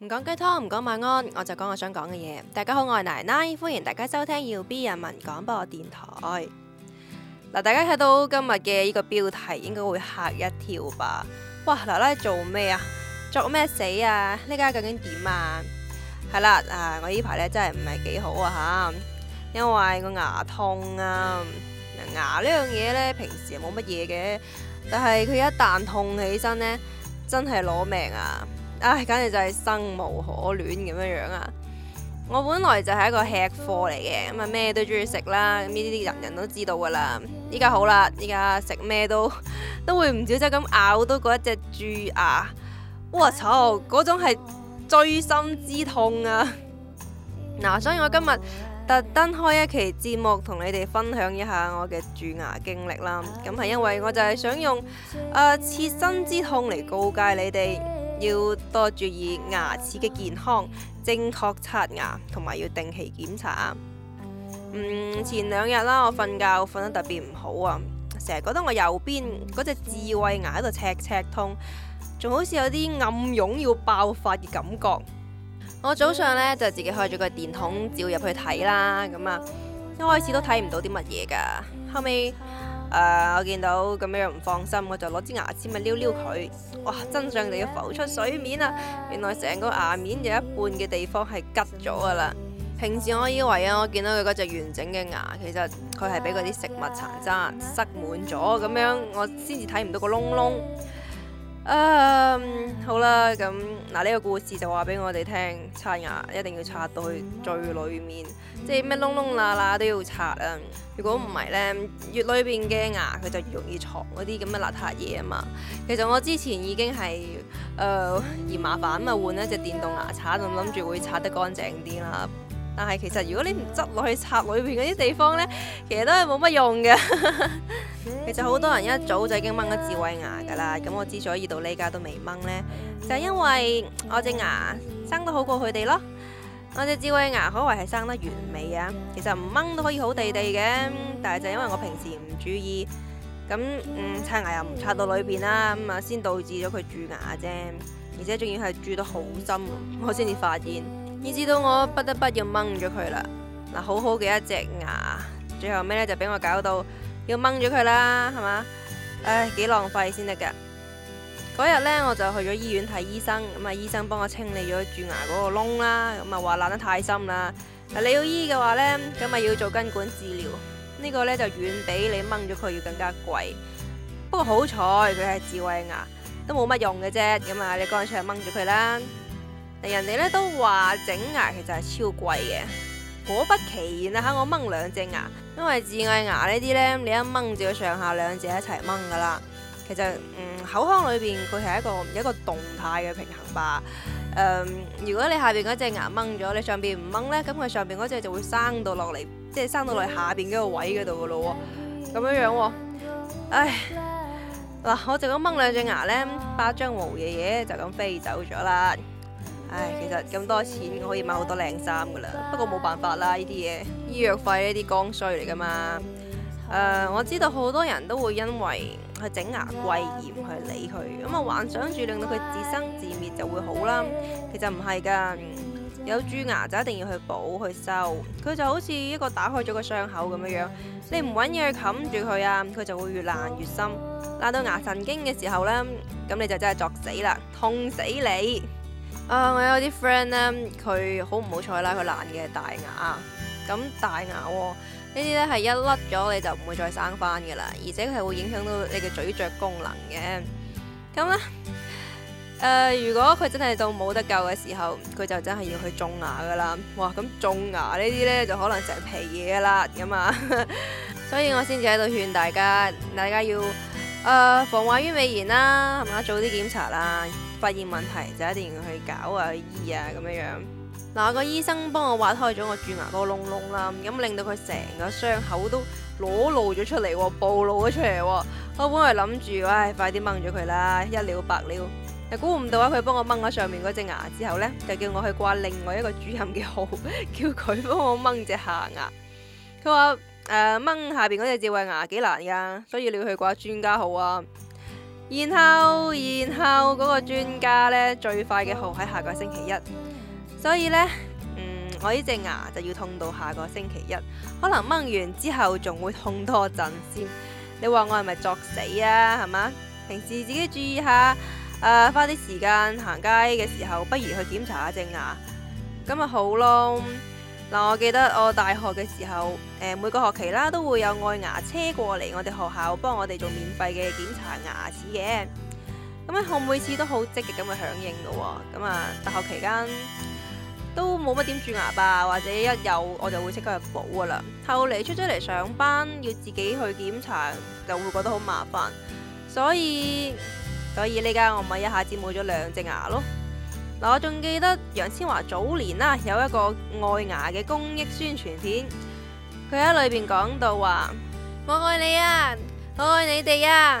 唔講雞湯，唔講晚安，我就講我想講嘅嘢。大家好，我係奶奶，歡迎大家收聽耀 B 人民廣播電台。嗱，大家睇到今日嘅呢個標題，應該會吓一跳吧？哇！奶奶做咩啊？作咩死啊？呢家究竟點啊？係啦，啊，我呢排呢真係唔係幾好啊吓，因為個牙痛啊。牙呢樣嘢呢，平時又冇乜嘢嘅，但係佢一旦痛起身呢，真係攞命啊！唉，簡直就係生無可戀咁樣樣啊！我本來就係一個吃貨嚟嘅，咁啊咩都中意食啦。咁呢啲人人都知道噶啦。依家好啦，依家食咩都都會唔小心咁咬到嗰一隻蛀牙，我操，嗰種係錐心之痛啊！嗱、啊，所以我今日特登開一期節目，同你哋分享一下我嘅蛀牙經歷啦。咁係因為我就係想用呃、切身之痛嚟告誡你哋。要多注意牙齒嘅健康，正確刷牙，同埋要定期檢查。嗯，前兩日啦，我瞓覺瞓得特別唔好啊，成日覺得我右邊嗰隻智慧牙喺度赤赤痛，仲好似有啲暗湧要爆發嘅感覺。我早上呢，就自己開咗個電筒照入去睇啦，咁啊，一開始都睇唔到啲乜嘢㗎，後尾。誒，uh, 我見到咁樣唔放心，我就攞支牙籤去撩撩佢。哇！真相就要浮出水面啦，啊，原來成個牙面有一半嘅地方係拮咗噶啦。平時我以為啊，我見到佢嗰隻完整嘅牙，其實佢係俾嗰啲食物殘渣塞滿咗，咁樣我先至睇唔到個窿窿。啊，um, 好啦，咁嗱呢個故事就話俾我哋聽，刷牙一定要刷到去最裏面，即係咩窿窿罅罅都要刷啊！如果唔係咧，越裏面嘅牙佢就越容易藏嗰啲咁嘅邋遢嘢啊嘛。其實我之前已經係誒嫌麻煩，咁啊換一隻電動牙刷，就諗住會刷得乾淨啲啦。但係其實如果你唔執落去刷裏邊嗰啲地方呢，其實都係冇乜用嘅。 其實好多人一早就已經掹咗智慧牙噶啦，咁我之所以到呢家都未掹呢，就係因為我隻牙生得好過佢哋咯。我隻智慧牙可謂係生得完美啊！其實唔掹都可以好地地嘅，但係就係因為我平時唔注意，咁嗯刷牙又唔刷到裏邊啦，咁啊先導致咗佢蛀牙啫。而且仲要係蛀得好深，我先至發現。你知道我不得不要掹咗佢啦，嗱，好好嘅一隻牙，最後尾咧就俾我搞到要掹咗佢啦，係嘛？唉，幾浪費先得噶。嗰日呢，我就去咗醫院睇醫生，咁啊醫生幫我清理咗蛀牙嗰個窿啦，咁啊話爛得太深啦，你要醫嘅話呢，咁啊要做根管治療，呢個呢，就遠比你掹咗佢要更加貴。不過好彩佢係智慧牙，都冇乜用嘅啫，咁啊你乾脆掹咗佢啦。人哋咧都話整牙其實係超貴嘅，果不其然啦嚇！我掹兩隻牙，因為智慧牙呢啲咧，你一掹住上下兩隻一齊掹噶啦。其實嗯，口腔裏邊佢係一個一個動態嘅平衡吧。誒、嗯，如果你下邊嗰隻牙掹咗，你上邊唔掹咧，咁佢上邊嗰隻就會生到落嚟，即係生到落嚟下邊嗰個位嗰度噶咯喎。咁樣樣喎，唉嗱，我就咁掹兩隻牙咧，八張毛爺爺就咁飛走咗啦。唉，其實咁多錢可以買好多靚衫噶啦。不過冇辦法啦，呢啲嘢醫藥費呢啲剛需嚟噶嘛。誒、呃，我知道好多人都會因為去整牙貴而唔去理佢，咁啊幻想住令到佢自生自滅就會好啦。其實唔係噶，有蛀牙就一定要去補去修。佢就好似一個打開咗個傷口咁樣樣，你唔揾嘢去冚住佢啊，佢就會越爛越深，爛到牙神經嘅時候呢，咁你就真係作死啦，痛死你！啊！Uh, 我有啲 friend 咧，佢好唔好彩啦，佢爛嘅大牙。咁大牙喎、哦，這些呢啲咧係一甩咗，你就唔會再生翻噶啦。而且佢係會影響到你嘅咀嚼功能嘅。咁咧，誒、uh,，如果佢真係到冇得救嘅時候，佢就真係要去種牙噶啦。哇！咁種牙這些呢啲咧就可能成皮嘢噶啦，咁啊。所以我先至喺度勸大家，大家要誒、uh, 防患於未然啦、啊，係嘛，做啲檢查啦。發現問題就一定要去搞啊，去醫啊咁樣樣。嗱、啊，個醫生幫我挖開咗我蛀牙個窿窿啦，咁令到佢成個傷口都裸露咗出嚟、啊，暴露咗出嚟、啊。我本來諗住，唉，快啲掹咗佢啦，一了百了。但估唔到啊，佢幫我掹咗上面嗰隻牙之後呢，就叫我去掛另外一個主任嘅號，叫佢幫我掹隻下牙。佢話誒，掹、呃、下邊嗰隻智慧牙幾難噶，所以你要去掛專家號啊。然後，然後。我嗰個專家呢，最快嘅號喺下個星期一，所以呢，嗯，我呢隻牙就要痛到下個星期一，可能掹完之後仲會痛多陣先。你話我係咪作死啊？係嘛？平時自己注意一下，誒、呃，花啲時間行街嘅時候，不如去檢查下隻牙，咁咪好咯。嗱、嗯，我記得我大學嘅時候，誒、呃，每個學期啦，都會有愛牙車過嚟我哋學校幫我哋做免費嘅檢查牙齒嘅。咁咧，我每次都好積極咁去響應嘅。咁啊，大學期間都冇乜點蛀牙吧，或者一有我就會即刻去補嘅啦。後嚟出咗嚟上班，要自己去檢查，就會覺得好麻煩。所以，所以呢家我咪一下子冇咗兩隻牙咯。嗱，我仲記得楊千嬅早年啦有一個愛牙嘅公益宣傳片，佢喺裏邊講到話：我愛你啊，我愛你哋啊！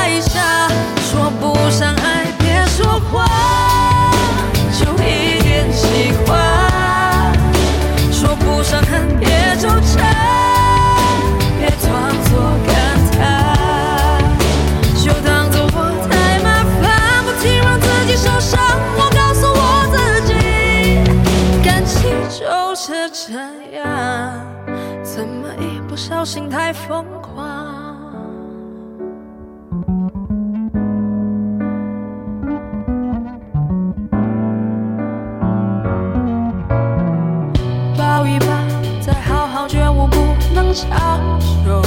心太瘋狂，抱一抱，再好好覺悟，不能強求。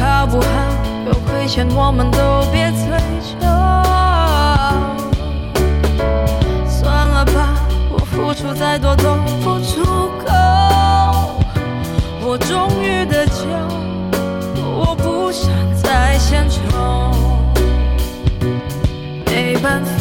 好不好？有虧欠，我們都別追究，算了吧，我付出再多都不。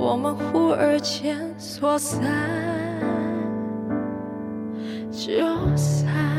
我們忽而間說散就散。